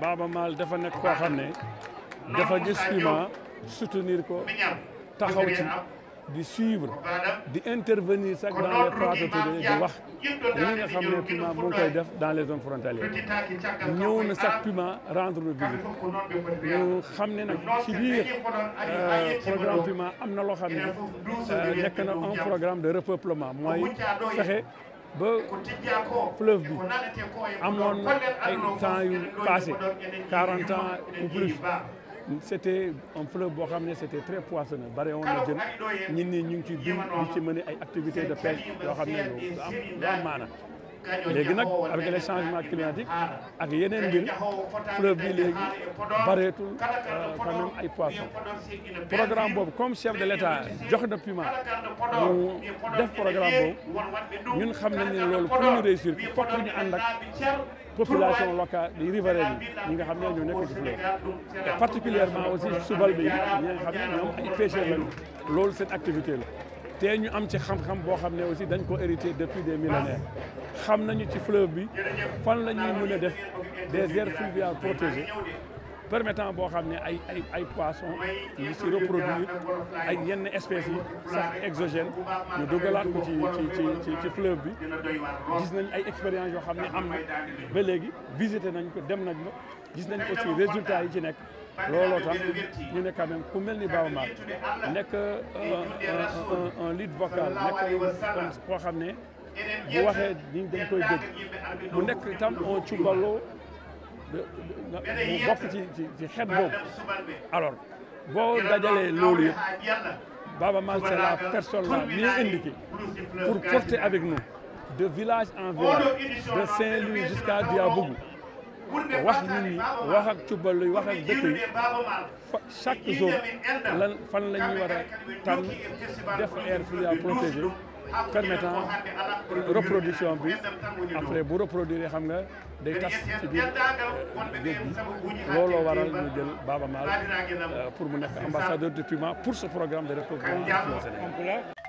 Baaba Maal dafa nekk koo xam ne dafa gis UMA soutenir ko taxaw ci di suivre di intervenir sax dans les plateaux télé di wax li nga xam ne Puma mu ngi koy def dans les zones frontalières ñëw na sax Puma rendre le visite ñu xam ne nag ci euh, programme Puma am na loo xam ne euh, nekk na un programme de repeuplement mooy fexe. ba fleuve bi amoon ay temps yu passé quarante ans ou plus c' était un fleuve boo xam ne c' était très poissonneux bari woon na jëm ñit ñi ñu ngi ci biir ñu ci mën ay activités de pêche yoo xam ne lu am maana léegi nag avec les changements climatiques ak yeneen mbir fleuve bi léegi bareetul euh, quand même ay poissons programme boobu comme chef de l' jox na PUMA def programme boobu ñun xam nañ ne loolu pour ñu réussir fokk ñu ànd ak locale di riveraine yi ñi nga xam ne ñoo nekk ci fleuve et aussi subal bi ñi nga xam ne ñoom ay pêcheurs loolu seen activité la te ñu am ci xam-xam boo xam ne aussi dañ ko hérité depuis des millénaires xam nañu ci fleuve bi fan la ñuy mën a def des aires fluviales protégées permettant boo xam ne ay ay ay poissons yi si reproduire ay yenn espèces yi sax exogène ñu dugalaat ko ci ci ci ci fleuve bi gis nañ ay expériences yoo xam ne am na ba léegi visité nañ ko dem nañ ko gis nañ aussi résultats yi ci nekk looloo ñu ne quand ku mel ni Baaba Maal nekk un un lead vocal nekk koo xam ne bu waxee ni dañ koy dégg mu nekk tam un cubbaloo mu bokk ci ci ci xeet boobu alors boo dajalee loolu yëpp Baaba Maal c'est la personne là mieux indiquée pour porter avec nous de village en village de Saint-Louis jusqu'à Diabougou wax nit ñi wax ak cubbalu wax ak dëkk yi chaque jour lan fan la ñuy war a tànn def air fluvial protégé permettant reproduction bi après bu reproduire xam nga day tas ci biir géej gi looloo waral ñu jël Baba Maal pour mu nekk ambassadeur de Puma pour ce programme de reproduction du Sénégal